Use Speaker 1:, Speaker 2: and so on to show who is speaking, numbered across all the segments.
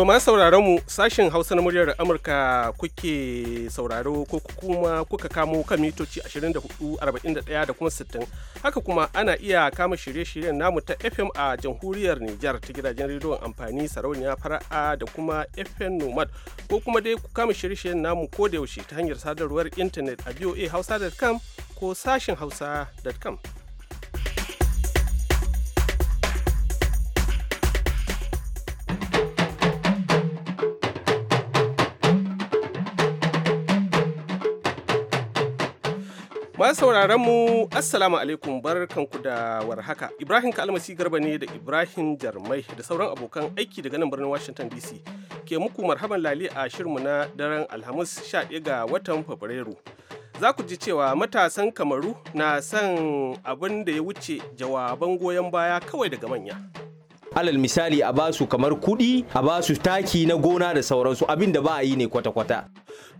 Speaker 1: To ma sauraron mu sashen Hausa na muryar Amurka kuke sauraro ko kuma kuka kamo kan mitoci 24,41 da kuma 60. Haka kuma ana iya kama shirye-shiryen namu ta FM a jamhuriyar Nijar ta gidajen rediyon amfani sarauniya fara'a da kuma FM Nomad ko kuma dai ku kama shirye-shiryen namu ko da yaushe ta hanyar sadarwar intanet a hausa.com ko sashen hausa.com. Masu sauraron mu Assalamu alaikum barkanku da warhaka. Ibrahim Kalmasi Garba ne da Ibrahim Jarmai da sauran abokan aiki daga nan birnin Washington DC. Ke muku marhaban lali a shirmu na daren Alhamis 11 ga watan Fabrairu. Za ku ji cewa matasan Kamaru na son abin da ya wuce jawaban goyon baya kawai daga manya.
Speaker 2: alal misali a basu kamar kudi a basu taki na gona da sauransu abin da ba a yi ne kwata-kwata.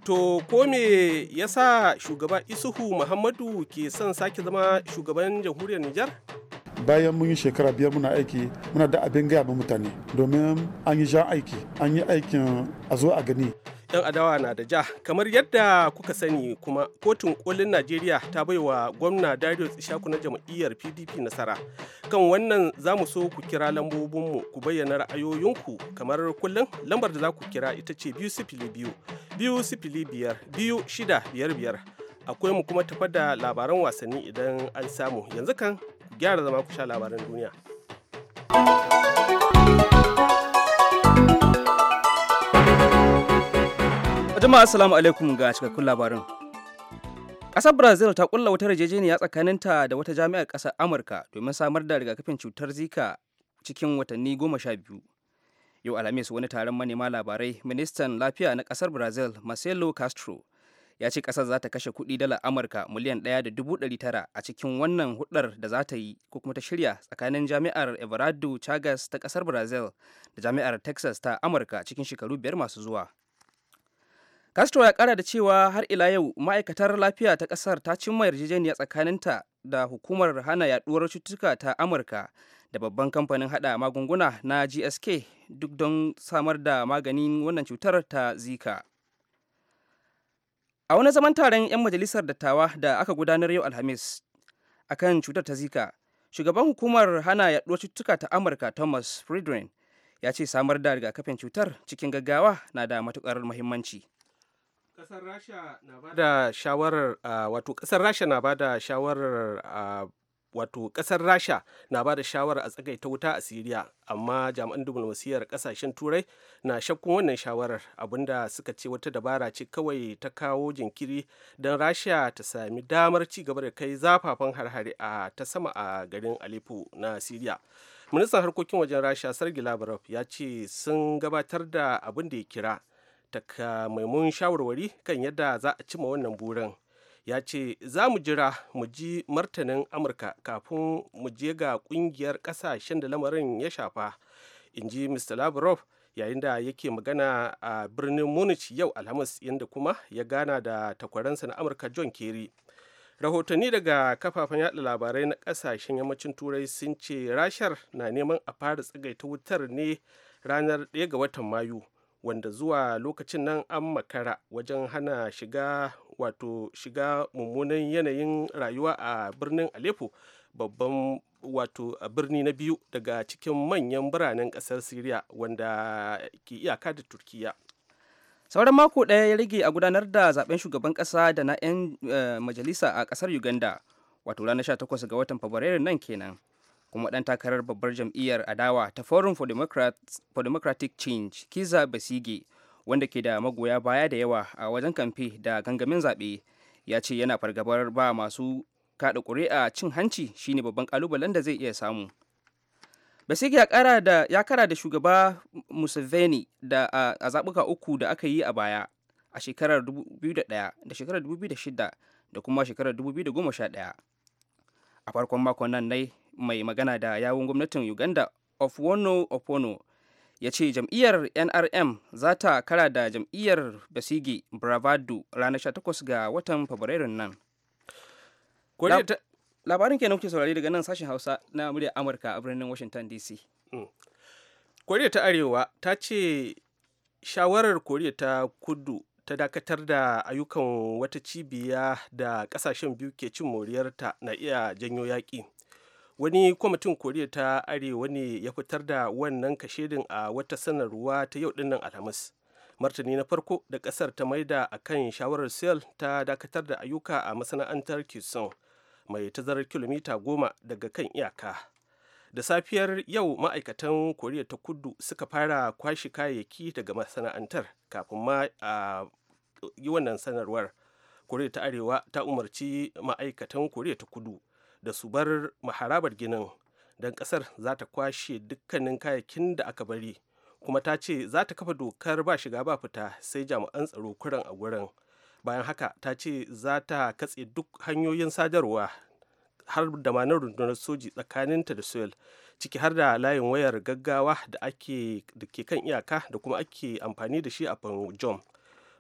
Speaker 1: To ko me yasa shugaba Isuhu Muhammadu ke son sake zama shugaban jamhuriyar Nijar?
Speaker 3: bayan mun yi shekara biyar muna aiki muna da abin gaya ma mutane domin an yi jan aiki an yi aikin a zo a gani
Speaker 1: yan adawa na da ja kamar yadda kuka sani kuma kotun kolin najeriya ta bai wa gwamna darius ishaku na jam'iyyar pdp nasara kan wannan za mu so ku kira lambobinmu ku bayyana ra'ayoyinku kamar kullum lambar da za ku kira ita ce biyu sifili biyu biyu sifili biyar biyu shida biyar biyar akwai mu kuma tafa da labaran wasanni idan an samu yanzu kan gyara zama ku sha labaran duniya.
Speaker 2: Jama'a assalamu alaikum ga cikakkun labarin. Ƙasar Brazil ta ƙulla wata yarjejeniya tsakaninta da wata jami'ar ƙasar Amurka domin samar da rigakafin cutar Zika cikin watanni goma sha biyu. Yau Alhamis wani taron manema labarai ministan lafiya na ƙasar Brazil Marcelo Castro ya ce kasar za ta kashe kuɗi dala amurka miliyan ɗaya da dubu ɗari tara a cikin wannan hudar da za ta yi ko kuma ta shirya tsakanin jami'ar everardo chagas ta kasar brazil da jami'ar texas ta amurka cikin shekaru biyar masu zuwa castro ya kara da cewa har ila yau ma'aikatar lafiya ta kasar ta cimma yarjejeniya ta da hukumar hana yaduwar cututtuka ta amurka da babban kamfanin hada magunguna na gsk duk don samar da maganin wannan cutar ta zika a wani zaman taron 'yan majalisar dattawa da aka gudanar yau alhamis a kan cutar ta zika shugaban hukumar hana yaduwar cututtuka ta amurka thomas friedrin ya ce samar da rigakafin cutar cikin gaggawa na da matukar muhimmanci
Speaker 1: kasar rasha na bada
Speaker 2: shawarar
Speaker 1: uh, wato kasar rasha na da shawarar uh, wato kasar rasha na ba da shawarar a tsagaita wuta a siriya amma jami'an diflomasiyyar kasashen turai na shakkun wannan shawarar abinda suka ce wata dabara ce kawai ta kawo jinkiri don rasha ta sami damar ci gaba da kai zafafan harhare a ta sama a garin aleppo na siriya ministan harkokin wajen rasha sergei lavrov ya ce sun gabatar da abin da ya kira takamaimun shawarwari kan yadda za a cima wannan burin ya ce za mu jira mu ji martanin amurka kafin mu je ga kungiyar kasashen da lamarin ya shafa in ji mr lavrov yayin da yake magana a birnin munich yau alhamis inda kuma ya gana da takwaransa na amurka john kerry rahotanni daga kafafen yada labarai na kasashen yammacin turai sun ce rashar na neman a fara tsagaita wutar ne ranar 1 ga watan mayu wanda zuwa lokacin nan an makara wajen hana shiga wato shiga mummunan yanayin rayuwa a birnin aleppo babban wato birni na biyu daga cikin manyan biranen kasar syria wanda ke iyaka da
Speaker 2: turkiya sauran mako ɗaya ya rage a gudanar da zaben shugaban ƙasa da na 'yan eh, majalisa a ƙasar uganda wato ranar 18 ga watan fabrairu nan kenan kuma dan takarar babbar jam'iyyar adawa ta forum for, for democratic change kiza basige wanda ke da magoya baya da yawa a wajen kamfe da gangamin zaɓe ya ce yana fargabar ba masu kaɗa ƙuri'a cin hanci shine babban ƙalubalen da zai iya samu basige ya kara da ya kara da shugaba museveni da a zaɓuka uku da aka yi a baya a shekarar 2001 da shekarar 2006 da kuma shekarar 2011 a farkon makon nan nai mai magana da yawun gwamnatin uganda of wono ya ce jam'iyyar nrm za ta kara da jam'iyyar basigi bravado ranar 18 ga watan fabrairun nan labarin kenan kuke saurari daga nan sashen hausa na muryar amurka a birnin washington dc mm. koriya ta arewa ta ce
Speaker 1: shawarar koriya ta kudu ta dakatar da ayyukan wata cibiya da kasashen biyu ke cin moriyarta na iya janyo yaƙi wani kwamitin koriya ta arewa ne ya fitar da wannan kashedin a wata sanarwa ta yau dinnan alhamis martani na farko da kasar ta maida a kan shawarar sel ta dakatar da ayyuka a masana'antar kisson mai tazarar kilomita goma daga kan iyaka da safiyar yau ma'aikatan koriya ta kudu suka fara kwashe kayayyaki daga masana'antar kafin ma a yi wannan sanarwar koriya ta arewa ta umarci ma'aikatan koriya ta kudu da su bar maharabar ginin don ƙasar za ta kwashe dukkanin kayakin da aka bari kuma ta ce za ta kafa dokar ba shiga ba fita sai jami'an tsaro kuran a gurin bayan haka ta ce za ta katse duk hanyoyin sadarwa har da ma rundunar soji tsakaninta da soil ciki har da layin wayar gaggawa da ake da ke kan iyaka da kuma ake amfani da shi a panjom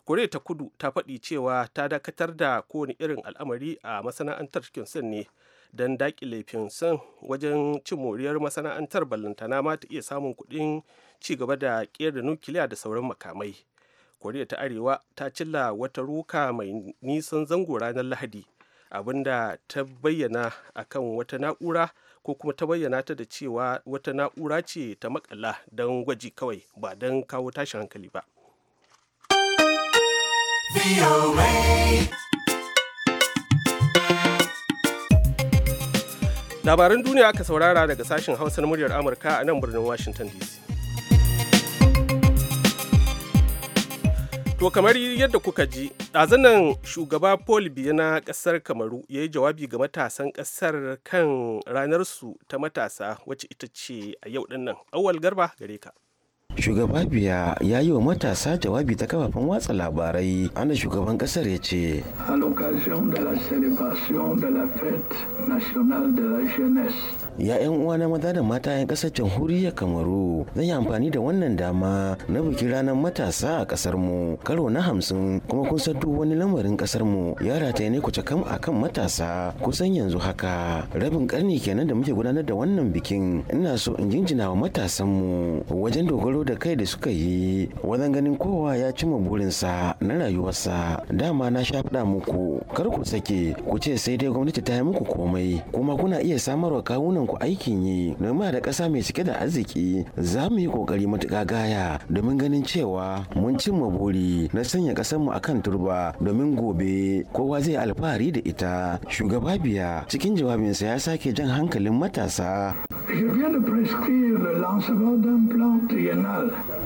Speaker 1: koriya ta kudu ta faɗi cewa ta dakatar da kowane irin al'amari a masana'antar kyonsan ne don daƙile Sun wajen cin moriyar masana'antar ballantana ma ta iya samun kuɗin ci gaba da ƙera nukiliya da sauran makamai koriya ta arewa ta cilla wata ruka mai nisan zango ranar lahadi abinda ta bayyana akan wata na'ura ko kuma ta bayyana ta da cewa wata na'ura ce ta makala don gwaji kawai ba don kawo tashin hankali ba. labaran duniya aka saurara daga sashen hausar muryar amurka a nan birnin washington dc to kamar yadda kuka ji ɗazanan shugaba paul biya na ƙasar kamaru ya yi jawabi ga matasan ƙasar kan ranarsu ta matasa wacce ita ce a yau dinnan nan awal garba gare ka
Speaker 4: shugaba biya ya yi wa matasa jawabi ta kafafen watsa labarai ana shugaban kasar ya ce ya yan uwa na maza da mata yan kasar jamhuriyar kamaru zan yi amfani da wannan dama na bikin ranar matasa a kasar mu karo na hamsin kuma kun san duk wani lamarin kasar mu ya rataye ne ku kam akan matasa kusan yanzu haka rabin karni kenan da muke gudanar da wannan bikin ina so in jinjina wa matasan mu wajen dogaro da da kai da suka yi wajen ganin kowa ya cimma burinsa na rayuwarsa dama na sha faɗa muku kar ku sake ku ce sai dai gwamnati ta yi muku komai kuma kuna iya samarwa kawunan ku aikin yi noma da ƙasa mai cike da arziki za mu yi ƙoƙari matuƙa gaya domin ganin cewa mun cimma buri na sanya ƙasar mu akan turba domin gobe kowa zai alfahari da ita shugaba biya cikin jawabinsa ya sake jan hankalin matasa
Speaker 3: Je viens de prescrire le lancement d'un plan triennal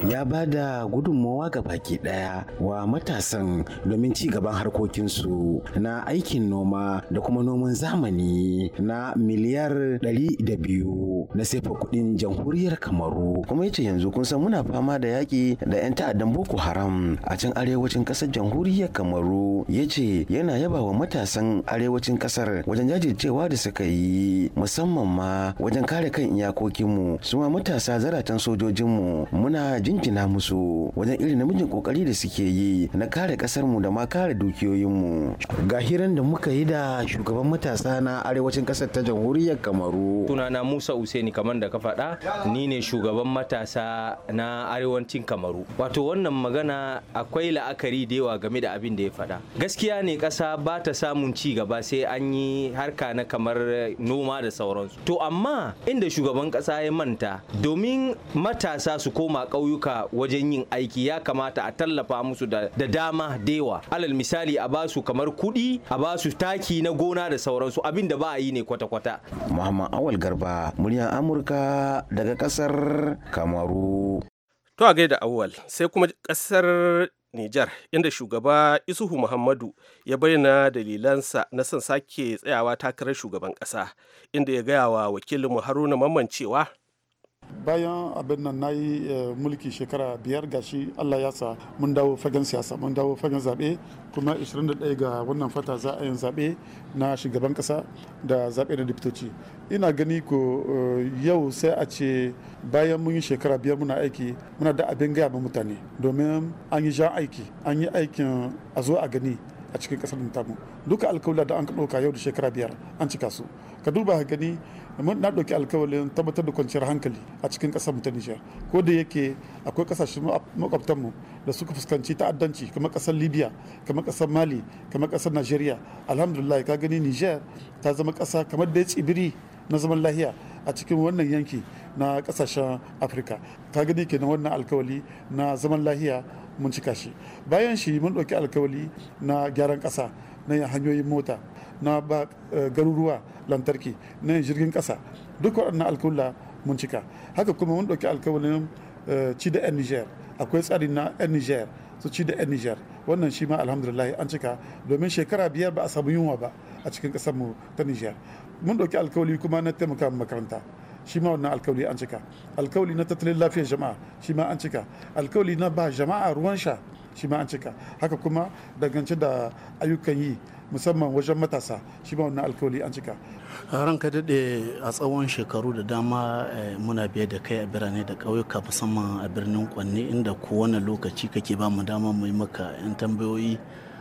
Speaker 4: ya ba da gudunmowa ga baki daya wa matasan domin ci gaban harkokinsu na aikin noma da kuma noman zamani na miliyar 200 na sefa kudin jamhuriyar kamaru kuma yace yanzu kun san muna fama da yaki da 'yan ta'addan boko haram a can arewacin kasar jamhuriyar kamaru Ya ce yana yaba wa matasan arewacin ƙasar wajen jajircewa da suka yi musamman ma wajen kare kan iyakokinmu su ma matasa zaratan sojojinmu muna jinjina musu wajen irin namijin kokari da suke yi na kare kasar mu da ma kare dukiyoyin mu ga hiran da muka yi da shugaban matasa na arewacin kasar ta jamhuriyar kamaru
Speaker 2: sunana musa useni kamar da ka faɗa ni ne shugaban matasa na arewacin kamaru wato wannan magana akwai la'akari da yawa game da abin da ya faɗa gaskiya ne ƙasa ba ta samun ci gaba sai an yi harka na kamar noma da sauransu to amma inda shugaban ƙasa ya manta domin matasa su ko koma ƙauyuka wajen yin aiki ya kamata a tallafa musu da, da dama dewa alal misali a basu kamar kuɗi a basu taki na gona da sauransu abin da ba a yi ne kwata-kwata
Speaker 4: muhammad awal garba muryar amurka daga ƙasar kamaru
Speaker 2: to a gaida awal sai kuma
Speaker 1: ƙasar Nijar, inda shugaba Isuhu Muhammadu ya bayyana dalilansa na son sake tsayawa takarar shugaban ƙasa, inda ya gaya wa wakilinmu Haruna Mamman cewa
Speaker 3: bayan abin nan na yi eh, mulki shekara biyar gashi allah ya sa mun dawo fagen siyasa mun dawo fagen zaɓe kuma 21 ga wannan fata za a yin zaɓe na shugaban ƙasa da zaɓe na diptoci ina gani ko eh, yau sai a ce bayan mun yi shekara biyar muna aiki muna da abin gaya ma mutane domin an yi jan aiki an yi aikin a zo a gani a cikin ƙasar tamu duka alkawla da an ɗauka yau da shekara biyar an cika su ka duba gani mun na ɗauki alkawalin tabbatar da kwanciyar hankali a cikin ƙasar ta Nijar ko da yake akwai ƙasashen makwabtanmu da suka fuskanci ta'addanci kamar ƙasar Libya kamar ƙasar Mali kamar ƙasar Najeriya alhamdulillah ka gani Nijar ta zama ƙasa kamar da ya tsibiri na zaman lahiya a cikin wannan yanki na ƙasashen Afirka ka gani kenan wannan alkawali na zaman lahiya mun cika shi bayan shi mun ɗauki alkawali na gyaran ƙasa na hanyoyin mota na ba eh, garuruwa lantarki na jirgin kasa duk waɗannan alkawula mun cika haka kuma mun ɗauki alkawalin eh, ci da 'yan niger akwai tsari na 'yan niger su ci da 'yan niger wannan shi ma alhamdulillah an cika domin shekara biyar ba a samu yunwa ba a cikin ƙasar mu ta niger mun ɗauki alkawali kuma na taimaka makaranta shi ma wannan alkawali an cika alkawali na tattalin lafiyar jama'a shi ma an cika alkawali na ba jama'a ruwan sha shi ma an cika haka kuma dangance da ayyukan yi musamman wajen matasa shi ba wannan alkawali an cika
Speaker 4: ranka daɗe a tsawon shekaru da dama eh, muna biye da kai a birane da ƙauyuka musamman a birnin kwanne inda kowane lokaci kake ba mu dama mu maka 'yan tambayoyi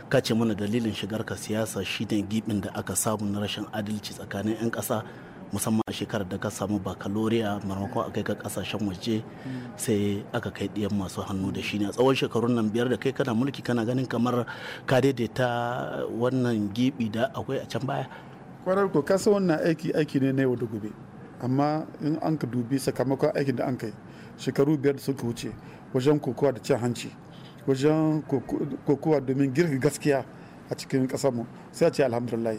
Speaker 4: kace ce mana dalilin ka siyasa shine gibin da aka samu na rashin adalci tsakanin 'yan ƙasa musamman a shekarar da ka samu bakaloriya maimakon a kai ka kasashen waje sai aka kai diyan masu hannu da shi ne a tsawon shekarun nan biyar da kai kana mulki kana ganin kamar ka daidaita wannan gibi da akwai a can baya
Speaker 3: kwarar ko kasa wannan aiki aiki ne na yau da gobe amma in an ka dubi sakamakon aikin da an kai shekaru biyar da suka wuce wajen kokowa da cin hanci wajen kokowa domin girka gaskiya a cikin kasarmu sai a ce alhamdulillah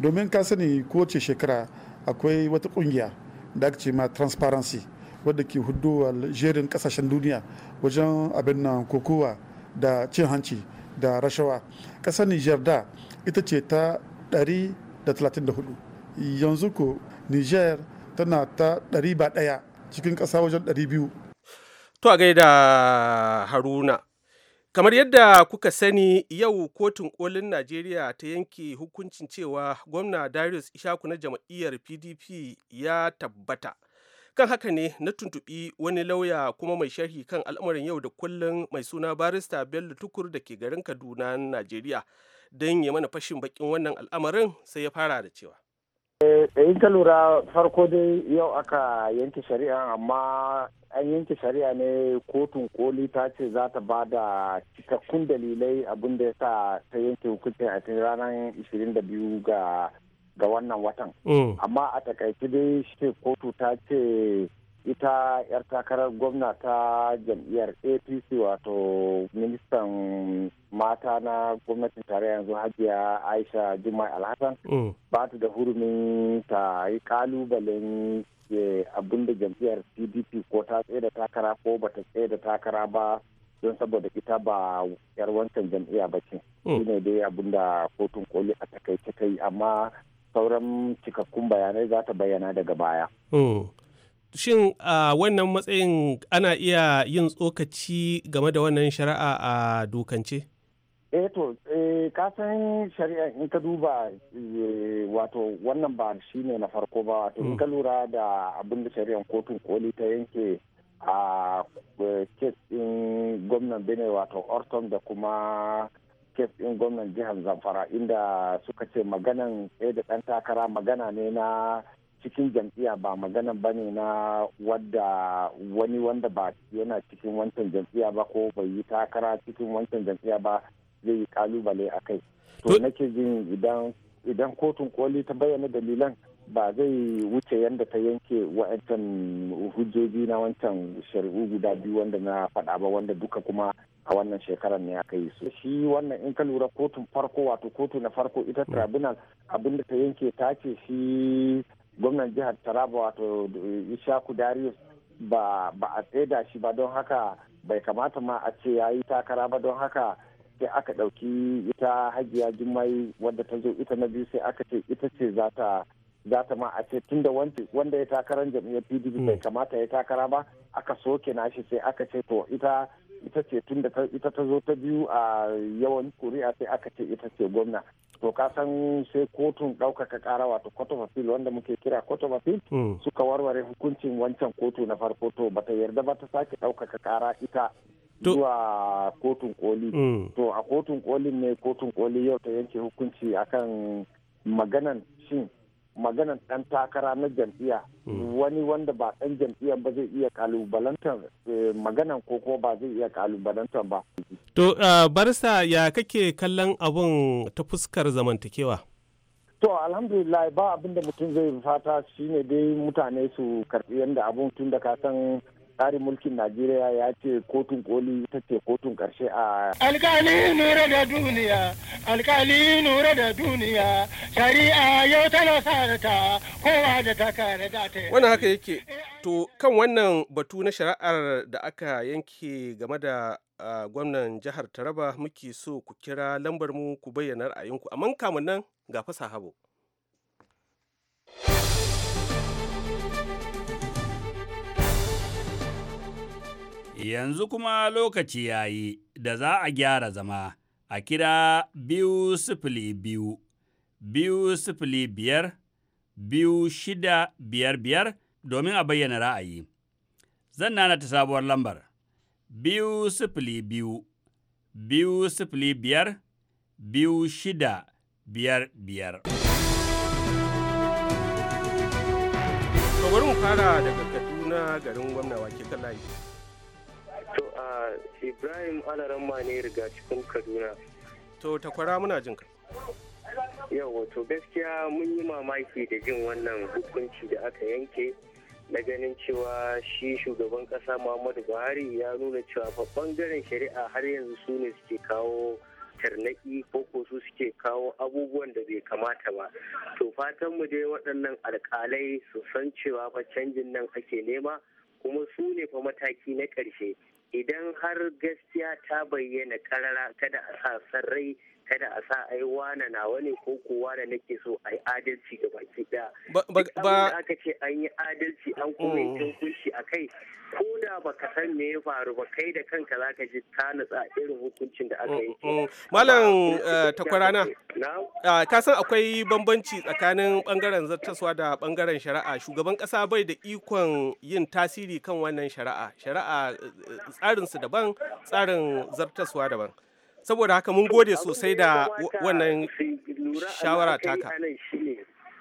Speaker 3: domin ka sani kowace shekara akwai wata kungiya da aka ce ma transparency wadda ke hudowa jerin kasashen duniya wajen abin nan kokowa da cin hanci da rashawa ƙasar niger da ita ce ta 134 yanzu ko niger tana ta 100 ba ɗaya cikin ƙasa wajen 200
Speaker 1: to a gaida haruna kamar yadda kuka sani yau kotun kolin najeriya ta yanke hukuncin cewa gwamna darius ishaku na jam'iyyar pdp ya tabbata kan haka ne na tuntuɓi wani lauya kuma mai sharhi kan al'amarin yau da kullum mai suna barista bello tukur da ke garin kaduna najeriya don ya mana fashin bakin wannan al'amarin sai ya fara da cewa
Speaker 5: da eh, in ka lura farko dai yau aka yanke shari'a amma an yanke shari'a ne kotun koli ta ce za ta ba da cikakkun dalilai abin da ya sa ta yanke hukuncin a cikin ranar 22 ga ga wannan watan
Speaker 1: mm. amma
Speaker 5: a takaice dai shi kotu ta ce ita 'yar takarar gwamna ta jam'iyyar apc wato ministan mata na gwamnatin tare yanzu hajiya aisha juma'i alhassan mm. ba ta da hurumin ta yi kalubalen eh, abin da jam'iyyar pdp ko ta tsaye da takara ko ba ta tsaye da takara ba don saboda ita ba yar wancan jam'iyya ba ce mm. shine dai abin da kotun koli a takaice ta yi amma sauran cikakkun bayanai za ta bayyana daga baya
Speaker 1: mm. shin a wannan matsayin ana iya yin tsokaci game da wannan shari'a a dokance? eh
Speaker 5: to eh, ka san shari'a in ka duba eh, wato wannan ba shi ne na farko ba wato in ka hmm. lura da abin da shari'ar kotun koli ta yanke a eh, kes ɗin gwamnan bene wato orton da kuma kes ɗin gwamnan jihar zamfara inda suka ce maganan tsaye da ɗan takara magana ne na cikin jam'iyya ba magana ba ne na wadda wani wanda ba yana cikin wancan jam'iyya ba ko bai yi takara cikin wancan jam'iyya ba zai yi kalubale a kai to nake jin idan idan kotun koli ta bayyana dalilan ba zai wuce yadda ta yanke wa'ancan hujjoji na wancan shari'u guda biyu wanda na faɗa ba wanda duka kuma a wannan shekarar ne aka yi su shi wannan in ka lura kotun farko wato kotu na farko ita mm. tribunal abinda ta yanke ta ce shi gwamnan jihar taraba wato ishaku darius ba a tsaida shi ba don haka bai kamata ma a ce ya yi takara ba don haka sai aka ɗauki ita hajiya jimai wadda ta zo ita na biyu sai aka ce ita ce za ta ma a ce tun da wanda ya takarar jam'iyyar pdp hmm. bai kamata ya takara ba aka soke nashi sai aka ce to ita ita ce tun da ita ta zo ta biyu a yawan kuri'a sai aka ce ita ce gwamna to ka san sai kotun ɗaukaka ƙara wato court of appeal wanda muke kira court of appeal hmm. suka warware hukuncin wancan kotu na farko to bata yarda ba ta sake ɗaukaka ƙara ita zuwa kotun koli hmm. to a kotun kolin ne kotun koli yau ta yanke hukunci akan maganan shin maganan ɗan takara na jam'iyya mm. wani wanda ba ɗan jam'iyya ba zai iya kalubalantar eh, maganan ko ko ba zai iya kalubalantar ba.
Speaker 1: To uh, barsa ya kake kallon abun ta fuskar zamantakewa?
Speaker 5: To alhamdulillah ba abin da mutum zai fata shine dai mutane su karɓi yadda abun tun da ka san tsarin mulkin najeriya ya ce kotun koli ta ce kotun karshe
Speaker 1: a alkali nura
Speaker 4: da duniya alkali nura da duniya shari'a yau tana sarata kowa da ta kare da ta
Speaker 1: wani haka yake to kan wannan batu na shari'ar da aka yanke game da gwamnan jihar taraba muke so ku kira lambar mu ku bayyana ra'ayinku amma kamun nan ga fasa fasahabo.
Speaker 6: Yanzu kuma lokaci ya yi da za a gyara zama a kira biyu sifili biyu, biyu sifili biyar, biyu shida biyar biyar domin a bayyana ra'ayi. Zan nana ta sabuwar lambar biyu sifili biyu, biyu sifili biyar, biyu shida biyar biyar.
Speaker 1: bari mu fara daga Kaduna garin gwamna wake ta layi. Ibrahim
Speaker 5: Alaramma ne riga cikin Kaduna.
Speaker 1: To takwara muna jin ka.
Speaker 5: Yau
Speaker 6: wato gaskiya mun yi mamaki da jin wannan hukunci da aka yanke na ganin cewa shi shugaban kasa Muhammadu Buhari ya nuna cewa babban garin shari'a har yanzu su ne suke kawo tarnaki ko ko su suke kawo abubuwan da bai kamata ba to fatan mu dai waɗannan alƙalai su san cewa fa canjin nan ake nema kuma su ne fa mataki na ƙarshe idan har gaskiya ta bayyana karara kada a sa sarrai kada a sa ai wane nawa ne ko ko wane nake so ai adalci ga baki da
Speaker 2: ba aka
Speaker 6: ce an yi adalci an kuma mm. hukunci a kai ko da baka san me ya faru ba kai da kanka za ka ji ka nutsa irin hukuncin da aka yi mm,
Speaker 1: mm. malam eh, takwarana ah, ka san akwai bambanci tsakanin bangaren zartaswa da bangaren shari'a shugaban kasa bai da ikon yin tasiri kan wannan shari'a shari'a eh, eh, tsarinsu daban tsarin zartaswa daban saboda haka mun gode sosai da wannan shawara taka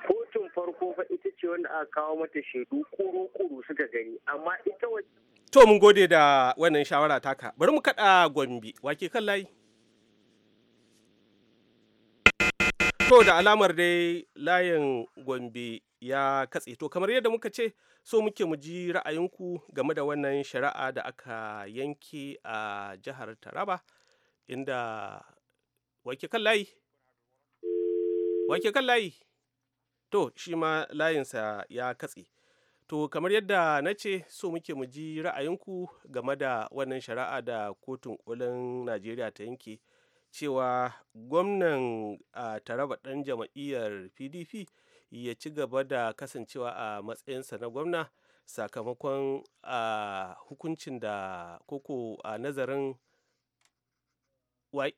Speaker 6: kotun farko fa ita ce wanda aka kawo mata shaidu kuru-kuru suka gani amma ita
Speaker 1: to mun gode da wannan shawara taka bari mu kada gombe wake kan layi to da alamar dai layin gombe ya katse to kamar yadda muka ce so muke mu ji ra'ayinku game da wannan shari'a da aka yanke a jihar taraba inda wake kan layi wake kan layi to shi ma layinsa ya katse to kamar yadda na ce so muke mu ji ra'ayinku game da wannan shari'a da kotun kolin najeriya ta yanke cewa gwamnan a taraba ɗan jama'iyyar pdp ya ci gaba da kasancewa a matsayinsa na gwamna sakamakon hukuncin da koko a nazarin wai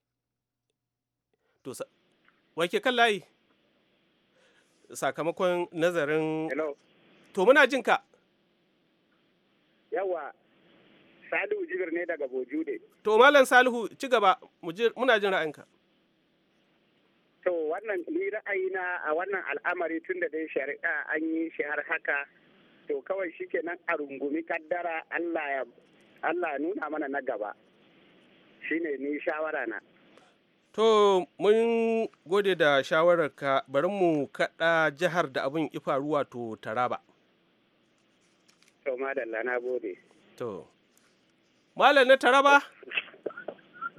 Speaker 1: to wai ke kan layi sakamakon nazarin to muna jin ka
Speaker 5: yawa salihu jibir ne daga bojude
Speaker 1: to malam salihu ci gaba muna jin ra'ayinka
Speaker 6: to wannan ni ra'ayina a wannan al'amari tun da dai shari'a an yi shi har haka to kawai shikenan a rungumi kaddara Allah ya Allah nuna mana na gaba shine ni shawara na
Speaker 1: to mun gode da shawararka bari mu kaɗa jihar da abin to tara taraba to madalla na gode to malam na taraba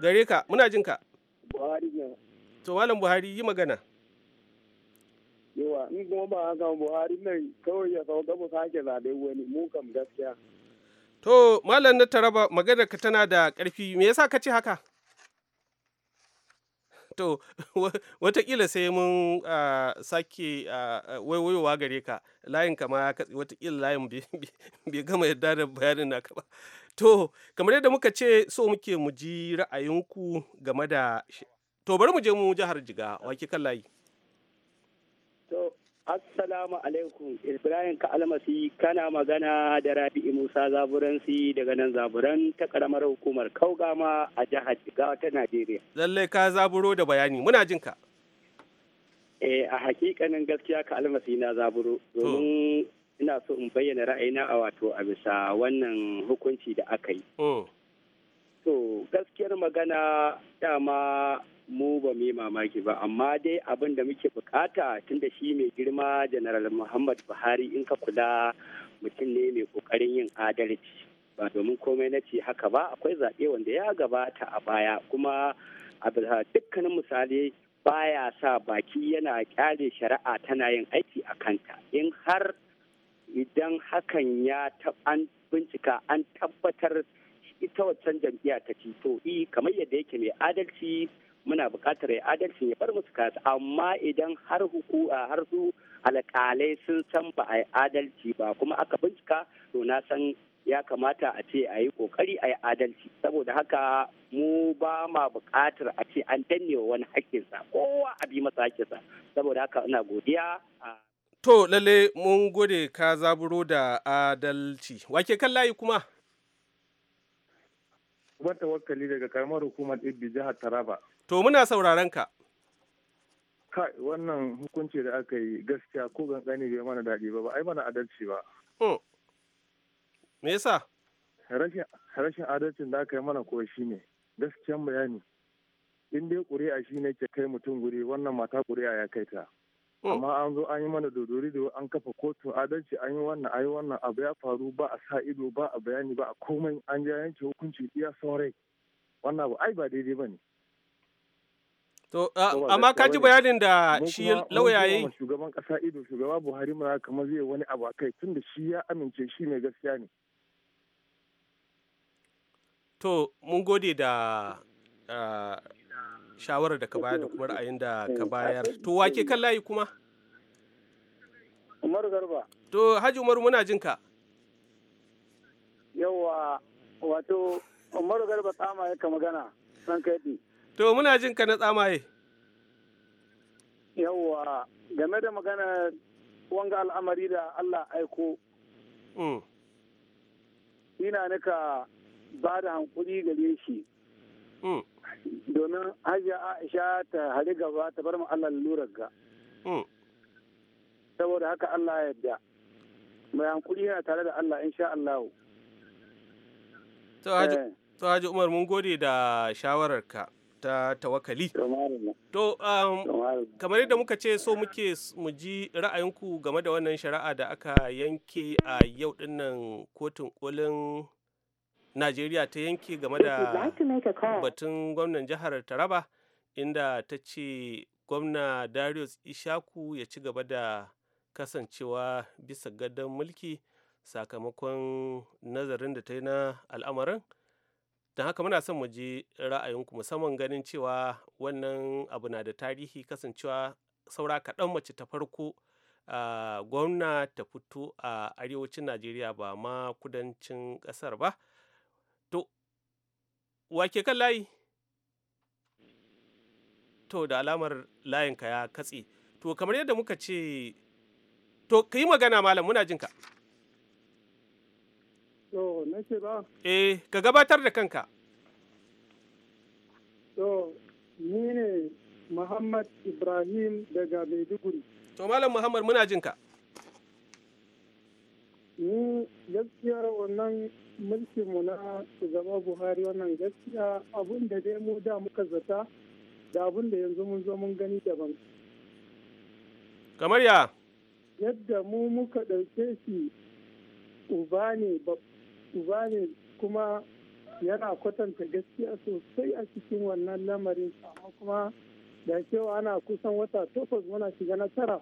Speaker 1: gare ka muna jin ka
Speaker 5: buhari ne
Speaker 1: to malam buhari yi magana
Speaker 5: yawa in kuma ba haka buhari nan kawai ya sauka mu sake zaɓe wani mu
Speaker 3: gaskiya
Speaker 1: To, Malam na taraba magana ka tana da ƙarfi, me yasa ka ce haka? To, watakila sai mun sake waiwaiwa gare ka, layin kama watakila layin bai gama yadda da bayanin naka ba. To, kamar yadda muka ce so muke mu ji ra'ayinku game da To, bari mu je mu jihar Jiga, wake kan layi.
Speaker 6: Assalamu alaikum Ibrahim ka almasi kana magana da Rabi'i Musa Zaburansi daga nan Zaburan ta karamar hukumar Kaugama a jihar Jigawa ta Najeriya.
Speaker 1: Lalle ka zaburo da bayani muna jin ka. Eh
Speaker 6: a hakikanin gaskiya ka almasi na zaburo domin ina so in bayyana ra'ayina a wato a bisa wannan hukunci da aka yi. Oh. To gaskiyar magana dama mu ba mu yi mamaki ba amma dai abin da muke bukata tunda shi mai girma janaral muhammad buhari in ka kula mutum ne mai kokarin yin adalci ba domin komai na ce haka ba akwai zaɓe wanda ya gabata a baya kuma dukkanin misali baya sa baki yana kyale shari'a tana yin aiki a kanta in har idan hakan ya an bincika an tabbatar ita waccan jam'iyya ta ci to kamar yadda yake mai adalci muna buƙatar ya adalci ya bar musu kasu amma idan har huku har su alƙalai sun san ba a yi adalci ba kuma aka bincika to na san ya kamata a ce a yi kokari a yi adalci saboda haka mu ba ma buƙatar a ce an danne wa wani hakkinsa kowa a bi masa hakkinsa saboda haka
Speaker 1: ina godiya to lalle mun gode ka zaburo da adalci wake kan layi kuma Uban tawakkali daga karamar hukumar Ibbi jihar Taraba. To muna sauraron ka. Kai wannan hukunci da aka yi gaskiya ko gangani bai mana daɗi ba ba ai mana adalci ba. Me yasa?
Speaker 5: Rashin adalcin da aka yi mana kuwa shi ne gaskiyan bayani. In dai ƙuri'a shi ne ke kai mutum guri wannan mata ƙuri'a ya kai ta. Mm. amma an zo an yi mana dodori da an kafa kotu adalci an yi wannan ayi wannan abu ya faru ba a sa ido ba a bayani ba a komai an ja yanke hukunci iya saurai wannan abu ai ba daidai ba ne
Speaker 1: To, amma ka ji bayanin da shi lauya
Speaker 5: yi? Shugaban kasa ido, shugaba Buhari mara kamar zai wani abu a kai tun da shi ya amince shi mai gaskiya ne.
Speaker 1: To, mun gode da shawarar da ka bayar da kuma ra'ayin da eh, ka bayar to wake kan layi kuma Umaru Garba to Haji Umaru muna jin ka
Speaker 5: yawa wato Umaru Garba tsamaye ka magana
Speaker 1: san kaɗi to muna jin ka na tsamaye
Speaker 5: yawa game da magana wanga al'amari da Allah aiko mm. ina nika ba da hankuri gare shi mm. domin hajiya aisha ta hari gaba ta bar mu allah ga hmm. saboda haka allah ya yadda mai hankuri yana tare da allah insha allahu
Speaker 1: to haji eh. umar mun gode da shawararka ta tawakali to um, kamar yadda muka ce so muke mu ji ra'ayinku game da wannan shari'a da aka yanke a yau dinnan kotun kolin najeriya ta yanke game da batun gwamnan jihar taraba inda ta ce gwamna darius ishaku ya ci gaba da kasancewa bisa gadon mulki sakamakon nazarin da ta yi na al'amarin don haka muna son mu ji ra'ayinku musamman ganin cewa wannan abu na da tarihi kasancewa saura kaɗan mace ta farko a gwamna ta fito a arewacin najeriya ba ma kudancin ƙasar ba wake kan layi to da alamar layinka ya katse to kamar yadda muka ce to ka yi magana malam muna jinka to na ce ba eh ka gabatar da kanka to ni ne muhammad ibrahim daga maiduguri to malam muhammad muna jinka ka ni
Speaker 5: gaskiya wannan mulkinmu na shugaba buhari wannan gaskiya abin da dai mu da muka zata da abin da yanzu mun zo mun gani daban kamar ya yadda mu muka ɗauke shi uba ne kuma yana kwatanta gaskiya sosai a cikin wannan lamarin amma kuma da cewa ana kusan wata takwas muna shiga na tara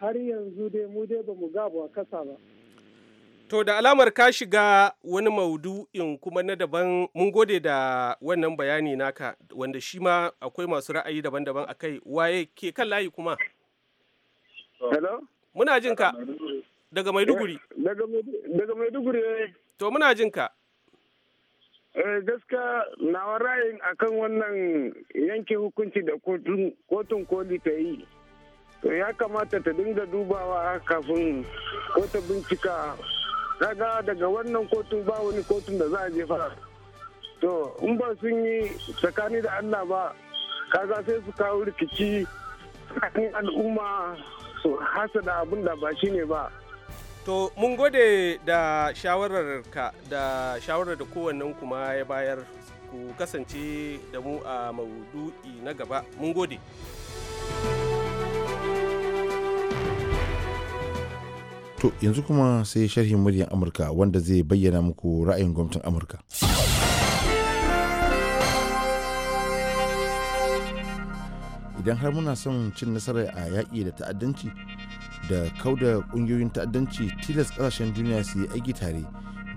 Speaker 5: har yanzu dai mu dai ba mu gabo a kasa ba
Speaker 1: To da alamar ka shiga wani maudu'in kuma na daban mun gode da wannan bayani naka wanda shi ma akwai masu ra'ayi daban-daban a kai waye ke kan layi kuma. Hello? Muna jin ka daga Maiduguri. Eh,
Speaker 5: daga Maiduguri ne. Eh.
Speaker 1: To muna jin ka.
Speaker 5: Eh, gaska
Speaker 1: nawa ra'ayin
Speaker 5: akan wannan yanke hukunci da kotun koli ta yi. To ya kamata ta dinga dubawa kafin ko ta bincika kaga daga wannan kotun ba wani kotun da za a jefa to in ba sun yi tsakani da allah ba kaga sai su kawo rikici tsakanin al'umma su hasada abin da ba ne ba
Speaker 1: to mun gode da shawarar ka da shawarar da kowannen kuma ya bayar ku kasance da mu a maudu'i na gaba mun gode
Speaker 7: To yanzu kuma sai sharhin muryar Amurka wanda zai bayyana muku ra'ayin gwamnatin Amurka. Idan har muna son cin nasara a yaƙi da ta'addanci da kauda ƙungiyoyin ta'addanci tilas ƙasashen duniya su yi aiki tare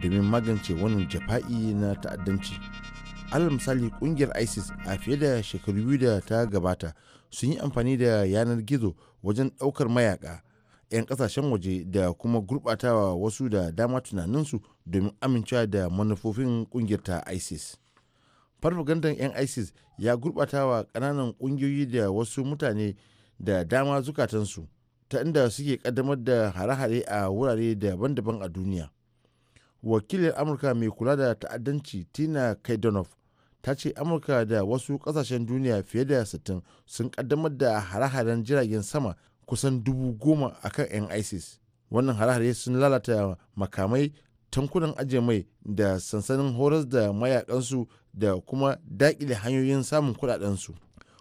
Speaker 7: domin magance wannan jafa'i na ta'addanci. alal misali ƙungiyar isis a fiye da shekaru biyu da ta gabata sun yi amfani da yanar gizo wajen ɗaukar mayaka 'yan kasashen waje da kuma gurɓatawa wasu da dama tunaninsu domin amincewa da manufofin kungiyar ta isis farfagandan 'yan isis ya gurɓatawa ƙananan ƙungiyoyi da wasu mutane da dama zukatansu ta inda suke ƙaddamar da hare-hare a wurare daban-daban a duniya wakilin amurka mai kula da ta'addanci tina kaidanov ta ce amurka da wasu kasashen duniya fiye da 60 sun kaddamar da hare-haren jiragen sama kusan dubu goma a kan 'yan isis wannan hare sun lalata makamai tankunan ajiye mai da sansanin horas da mayakansu da kuma daƙile hanyoyin samun kuɗaɗensu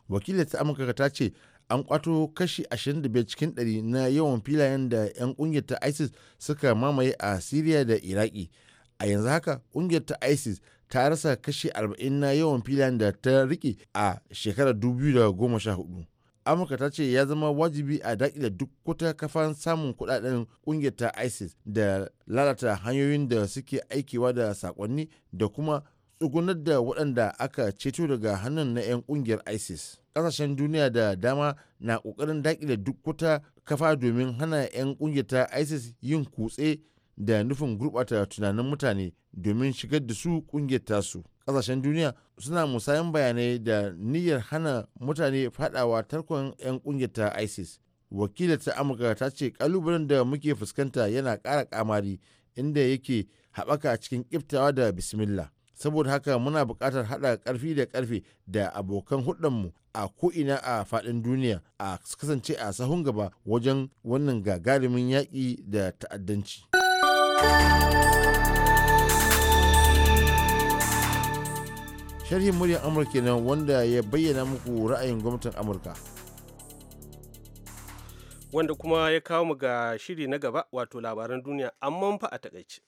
Speaker 7: wakilin ta amurka ta ce an kwato kashi 25 cikin 100 na yawan filayen da 'yan kungiyar ta isis suka mamaye a syria da iraki a yanzu haka kungiyar ta isis ta rasa kashi 40 na yawan filayen da ta riƙe a shekarar 2014 amurka ta ce ya zama wajibi a dakile duk wata kafan samun kudaden ƙungiyar ta isis da lalata hanyoyin da suke aikewa da sakonni da kuma tsugunar da waɗanda aka ceto daga hannun na 'yan ƙungiyar isis ƙasashen duniya da dama na ƙoƙarin dakile duk wata kafa domin hana 'yan ƙungiyar ta isis yin kutse da nufin gurɓata tunanin mutane domin shigar da su ƙungiyar tasu kasashen duniya suna musayan bayanai da niyyar hana mutane fadawa tarkon 'yan kungiyar ta isis wakilar ta amurka ta ce kalubalen da muke fuskanta yana kara kamari inda yake haɓaka cikin kiftawa da bismillah saboda haka muna buƙatar haɗa karfi da ƙarfe da abokan hudanmu a ko'ina a faɗin duniya a kasance a sahun gaba wajen wannan gagarumin yaƙi da ta'addanci. sharhin muryar amurka kenan wanda ya bayyana muku ra'ayin gwamnatin amurka
Speaker 1: wanda kuma ya kawo mu ga shiri na gaba wato labaran duniya amma fa a takaice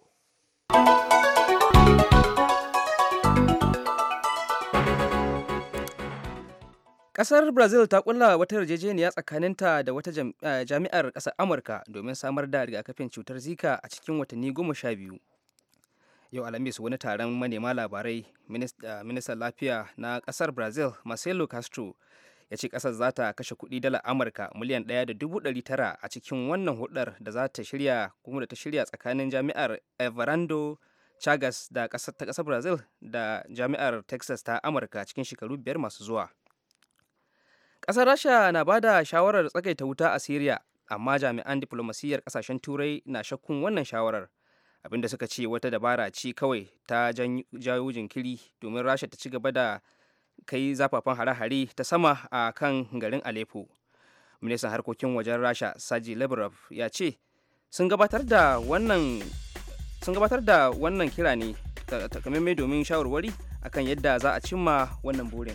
Speaker 2: Ƙasar Brazil ta kulla wata yarjejeniya tsakaninta da wata eh, jami'ar ƙasar Amurka domin samar da rigakafin cutar Zika a cikin watanni goma sha biyu. yau alhamis wani taron manema labarai ah, ministan lafiya na kasar brazil marcelo castro ya ce kasar za ta kashe kudi dala amurka miliyan ɗaya a cikin wannan hudar da za ta shirya kuma da ta shirya tsakanin jami'ar everando chagas da kasar ta kasar brazil da jami'ar texas ta amurka cikin shekaru biyar masu zuwa kasar rasha na ba da shawarar tsagaita wuta a syria amma jami'an diflomasiyyar kasashen turai na shakkun wannan shawarar abinda suka ce wata dabara ce kawai ta jawo jinkiri domin rasha ta ci gaba da kai zafafan hare-hare ta sama a kan garin aleppo ministan harkokin wajen rasha saji lebrov ya ce sun gabatar da wannan sun gabatar da wannan kira ne takamaimai domin shawarwari akan yadda za a cimma wannan burin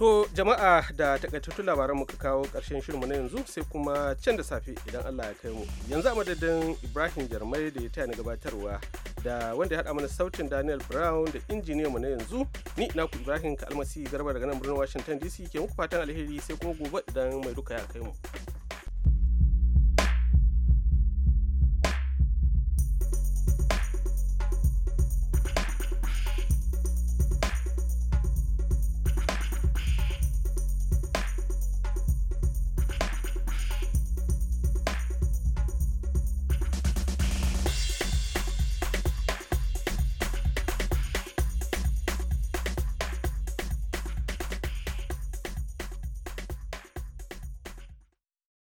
Speaker 2: To jama'a da takaitattun labaran muka kawo ƙarshen shirinmu na yanzu sai
Speaker 1: kuma can da safe idan Allah ya kai mu. Yanzu a madadin Ibrahim Jarmai da ya taya ni gabatarwa da wanda ya haɗa mana sautin Daniel Brown da injiniyanmu na yanzu ni naku Ibrahim Kalmasi Garba daga nan birnin Washington DC ke muku fatan alheri sai kuma gobe idan mai duka ya kai mu.